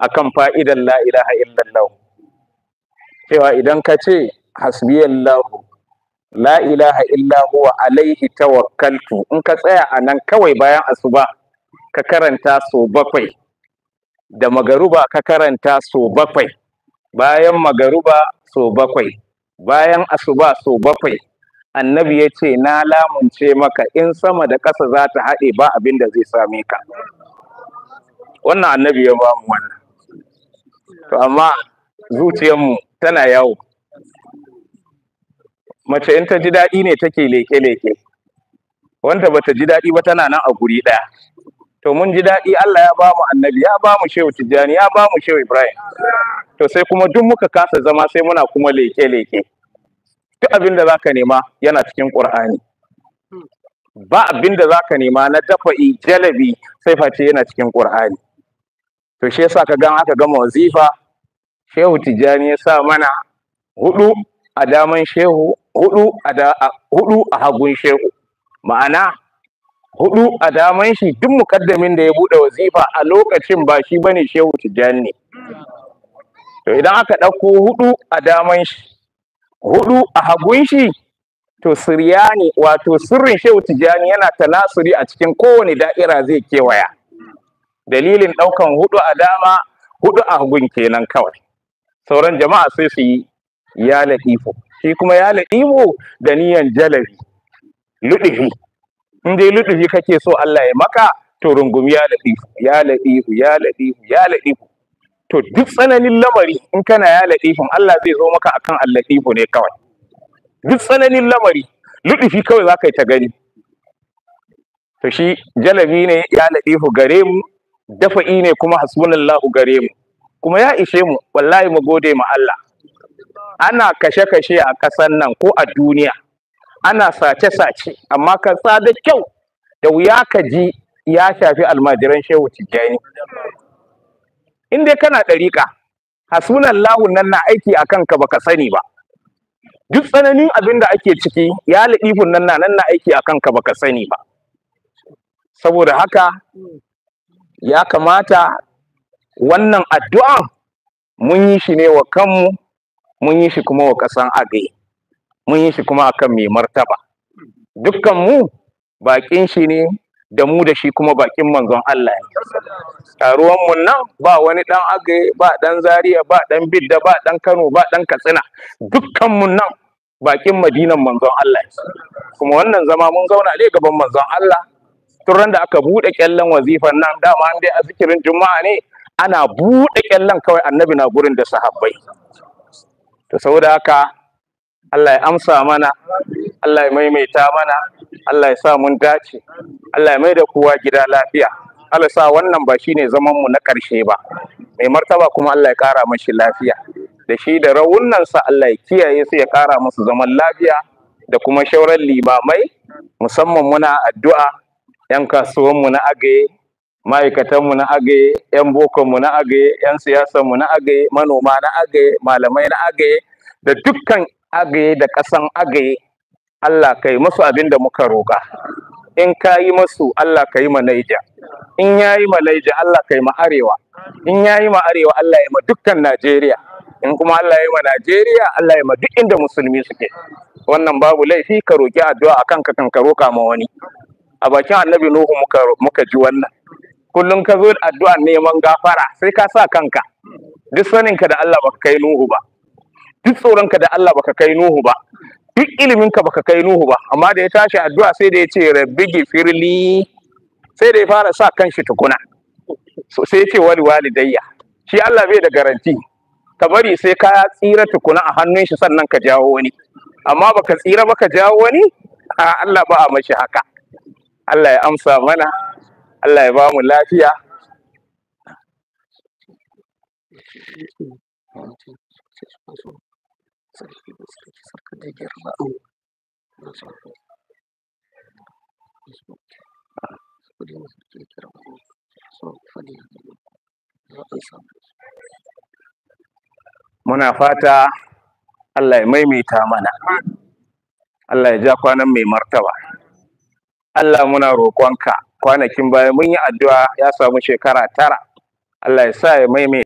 akan fa'idan la ilaha illallah cewa idan ka ce hasbiyallah la ilaha illahu wa alaihi tawakkaltu in ka tsaya a nan kawai bayan asuba ka karanta so bakwai da magaruba ka karanta so bakwai bayan magaruba so bakwai bayan asuba so bakwai annabi ya ce na lamunce maka in sama da ƙasa za ta haɗe ba abinda zai same ka wannan annabi ya ba mu wannan to amma zuciyarmu tana yawo mace in ta ji daɗi ne take leke-leke wanda bata ji daɗi ba tana nan a guri ɗaya to mun ji daɗi Allah ya bamu annabi ya bamu shehu tijjani ya bamu shehu ibrahim to sai kuma duk muka kasa zama sai muna kuma leke-leke duk abin da zaka nema yana cikin qur'ani ba abin da zaka nema na dafa jalabi sai face yana cikin qur'ani to shi yasa ka gan aka gama wazifa shehu tijjani ya sa mana hudu a daman shehu hudu a hudu a hagun shehu ma'ana hudu a daman shi duk mukaddamin da ya bude wazifa a lokacin ba shi bane shehu tijjani to idan aka ɗauko hudu a daman shi hudu a hagun shi to siryani wato sirrin shehu tijjani yana tanasuri a cikin kowane da'ira zai kewaya dalilin ɗaukan hudu a dama hudu a hagun kenan kawai sauran jama'a sai su yi ya latifo shi kuma ya latifo da niyan jalabi ludifi in dai ludifi kake so Allah ya maka to rungumi ya latifo ya latifo ya latifo ya latifo to duk tsananin lamari in kana ya latifin Allah zai zo maka akan allatifo ne kawai duk tsananin lamari ludifi kawai za ka yi ta gani to shi jalabi ne ya latifo gare mu dafa'i ne kuma hasbunallahu gare mu kuma ya ishe mu wallahi mu gode ma Allah ana kashe-kashe a ƙasan nan ko a duniya ana sace-sace amma ka tsada kyau da wuya ka ji ya shafi almajiran shehu tijjani in dai kana ɗariƙa hasunan lahun nan na aiki a kanka baka sani ba duk tsananin abin da ake ciki ya laɗifun nan na nan na aiki a kanka baka sani ba saboda haka ya kamata wannan addu'a mun yi shi ne wa kanmu mun yi shi kuma wa ƙasan agai mun yi shi kuma akan mai martaba dukkan mu bakin shi ne da mu da shi kuma bakin manzon Allah taruwan mu nan ba wani dan agai ba dan zaria ba dan bidda ba dan Kano ba dan Katsina dukkan mu nan baƙin madinan manzon Allah kuma wannan zama mun zauna ne gaban manzon Allah tun da aka buɗe kyallen wazifan nan dama an dai a zikirin juma'a ne ana buɗe ƙyallen kawai annabi na gurin da sahabbai to saboda haka Allah ya amsa mana Allah ya maimaita mana Allah ya sa mun dace Allah ya mai da kowa gida lafiya Allah sa wannan ba shine zaman mu na ƙarshe ba mai martaba kuma Allah ya ƙara mashi lafiya da shi da raunansa Allah ya kiyaye su ya ƙara musu zaman lafiya da kuma shauran limamai musamman muna addu'a 'yan kasuwanmu na agaye ma'aikatanmu na agaye 'yan bokonmu na agaye 'yan siyasanmu na agaye manoma na agaye malamai na agaye da dukkan agaye da ƙasan agaye Allah ka yi musu abin da muka roƙa in ka yi masu Allah ka yi ma Naija in ya yi ma Naija Allah ka yi ma Arewa in ya yi ma Arewa Allah ya ma dukkan Najeriya in kuma Allah ya yi ma Najeriya Allah ya ma duk inda musulmi suke wannan babu laifi ka roƙi addu'a akan ka kan ka roƙa ma wani a bakin annabi Nuhu muka ji wannan kullum ka zo da addu'a neman gafara sai ka sa kanka duk saninka da Allah baka kai Nuhu ba duk tsoronka da Allah baka kai Nuhu ba duk iliminka baka kai Nuhu ba amma da ya tashi addu'a sai da ya ce rabbi gifirli sai da ya fara sa kanshi tukuna so sai ya ce wali walidayya shi Allah bai da garanti ka bari sai ka tsira tukuna a hannun shi sannan ka jawo wani amma baka tsira baka jawo wani a Allah ba a mashi haka Allah ya amsa mana Allah ya ba mu lafiya muna fata Allah ya maimaita mana Allah ya ja kwanan mai martaba Allah muna roƙonka kwanakin baya mun yi addu'a ya samu shekara tara Allah ya sa ya maimaita